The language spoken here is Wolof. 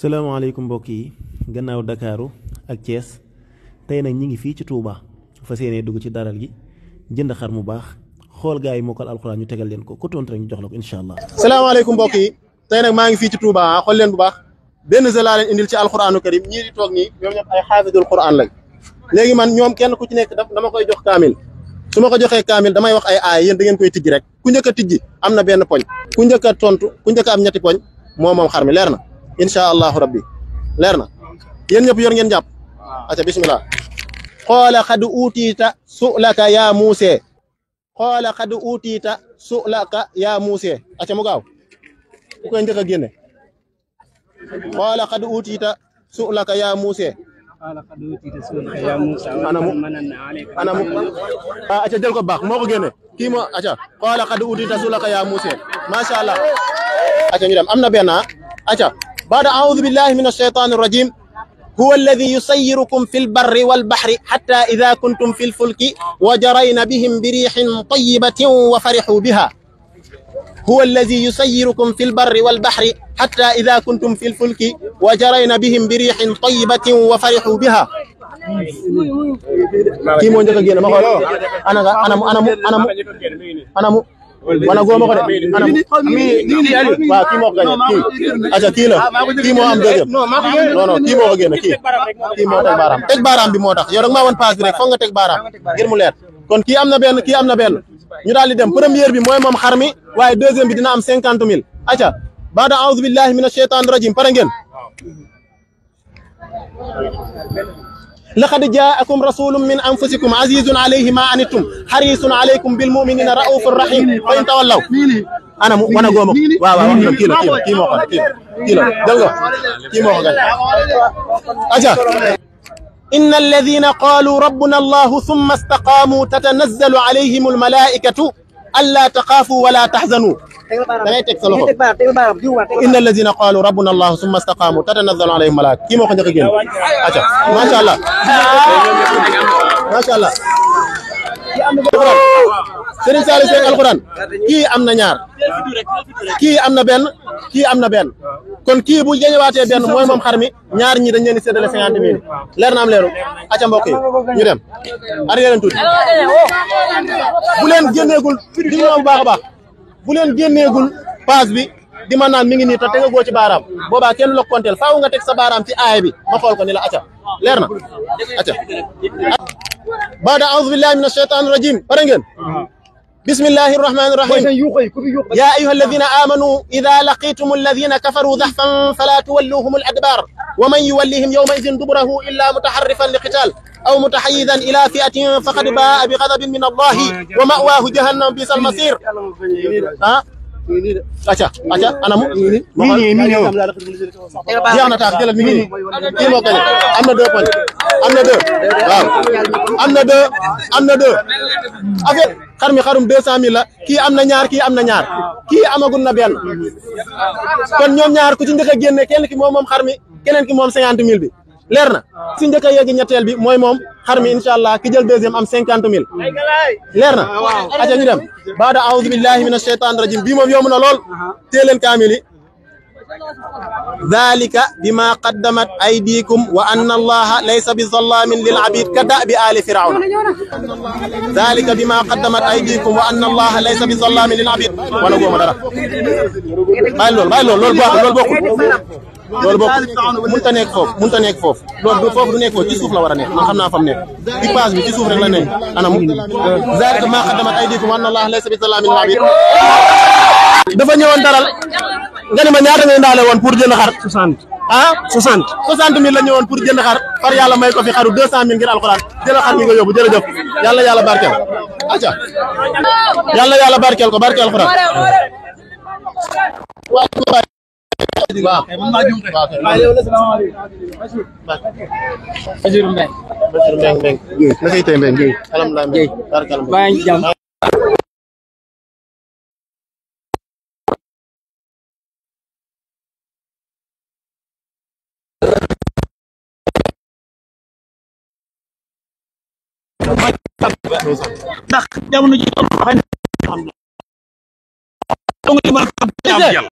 salaamaaleykum mbokk yi gannaaw Dakaaru ak Thiès tey nag ñi ngi fii ci Touba fas yéenee dugg ci daral gi jënd xar mu baax xool gaa yi mokkal alxuraan ñu tegal leen ko ku tontu rek ñu jox la ko incha allah. salaamaaleykum mbokk yi tey nag maa ngi fii ci Touba xool leen bu baax benn sa leen indil ci alxuraanu karim ñii di toog nii ñoom ñëpp ay xaafisul xuraan lañ léegi man ñoom kenn ku ci nekk dama koy jox kaamil su ma ko joxee kaamil damay wax ay aay yéen da ngeen koy tijji rek ku njëkk a tijji am na benn poñ ku njëkk tontu ku njëkk am ñetti poñ moo xar mi leer na incha allahu rabbi leer na yéen ñëpp yor ngeen jàpp aca bismillah xoola xad utiita sulaka yaa muusee xoola xad utiita sulaka yaa aca mu gaaw ku koy njëkk a xoola xad utiita sulaka yaa muusee anamu anamu ah aca jël ko baax moo ko génne kii aca xoola xad utiita sulaka yaa muusee macha allah aca ñu dem am na benn ah. aca بعد أعوذ بالله من الشيطان الرجيم هو الذي يسيركم في البر والبحر حتى إذا كنتم في الفلك وجرين بهم بريح طيبة وفرحوا بها هو الذي يسيركم في البر والبحر حتى إذا كنتم في الفلك وجرين بهم بريح طيبة وفرحوا بها كي مو نجا انا انا انا انا انا wala góob ma ko de maanaam kii waaw kii moo ko gagné kii aca kii la ah, kii am deuxième non non kii moo ko kii kii teg baaraam teg baaraam bi moo tax yow rek maa woon paas bi rek teg baaraam ngir mu leer kon kii am na benn kii am na benn ñu daal di dem première bi mooy moom xar mi waaye deuxième bi dina am cinquante mille aca baada auzu billahi mina sheytaani rajim pare ngeen laqad jaakum rasulun min anfusikum azizun alayhi ma anittum harisun alaykum bil muminina raufun rahim fa in tawallaw ana mu wana gooma waaw waaw wax kii la kii moo ko kii kii la jël nga kii moo ko gan aca إن الذين قالوا ربنا الله ثم استقاموا تتنزل عليهم الملائكة allaa taxaafu wala taxzanu da ngay teg sa loxo inna allazina qaalu rabbuna allahu summa istaqaamu tatanazzalu alayhim malaak kii moo ko njëkk a génn aca macha allah macha allah Sëriñ Saliou Seck alxuraan kii am na ñaar kii am na benn kii am na benn kon kii bu jëñëwaatee benn mooy moom xar mi ñaar ñi dañ leen di séddale cinquante mille leer na am leeru aca mbokk yi ñu dem arrière leen tuuti bu leen génneegul di ma bu baax a baax bu leen génneegul paas bi di ma naan mi ngi nii te te nga goo ci baaraam boobaa kenn lok konteel faaw nga teg sa baaraam ci aay bi ma xool ko ni la aca leer na aca baada a'udhu billahi minash shaitanir rajim pare ngeen bismillahi irrahmani irrahim yaa ayuha alladina aamanu ida laqitum alladina kafaru daxfan fala tuwalluhum al adbar wa man yuwallihim yawma idin duburahu illa mutaharrifan li qital aw mutaxayidan ila fiatin faqad baa bi gadabin min allahi wa mawaahu jahannam bisa almasir ah acca acca anamu jeex na tax jëlal mi ngi nii kii moo gañe am na deux points am na deux waaw am na deux am na deux mi xarum deux cent mille la kii am na ñaar kii am na ñaar kii amagul na benn kon ñoom ñaar ku ci njëkk a génne kenn ki moom moom xar mi keneen ki moom cinquante mille bi leer na si njëkk a yegg ñetteel bi mooy moom xar mi incha allah ki jël deuxième am cinquante mille leer na aca ñu dem baada aoudu billahi min asheytan rajim bii moom yomb na lool tée leen dalika bima qaddamat aydikum wa anna allaha laysa bi zallaamin lil abid ka da'bi aali firawna dalika bima qaddamat aydikum wa anna allaha laysa bi zallaamin lil abid wala gooma dara bàyyi loolu bàyyi loolu loolu bokkul loolu bokkul loolu bokkul mënut a nekk foofu mënut a nekk foofu loolu du foofu du nekk foofu ci suuf la war a nekk man xam naa fam nekk bi paas bi ci suuf rek la nekk anam dalika bima qaddamat aydikum wa anna allaha laysa bi zallaamin lil abid dafa ñëwoon daral nga ne ma ñaata nga indaale woon pour jënd xar. 60 ah 60. 60 mille la ñu woon pour jënd xar far yàlla may ko fi xaru 200 mille ngir alxuraan jël xar gi nga yóbbu jërëjëf yàlla yàlla barkeel aca yàlla yàlla barkeel ko barkeel alxuraan. ndax jamono ji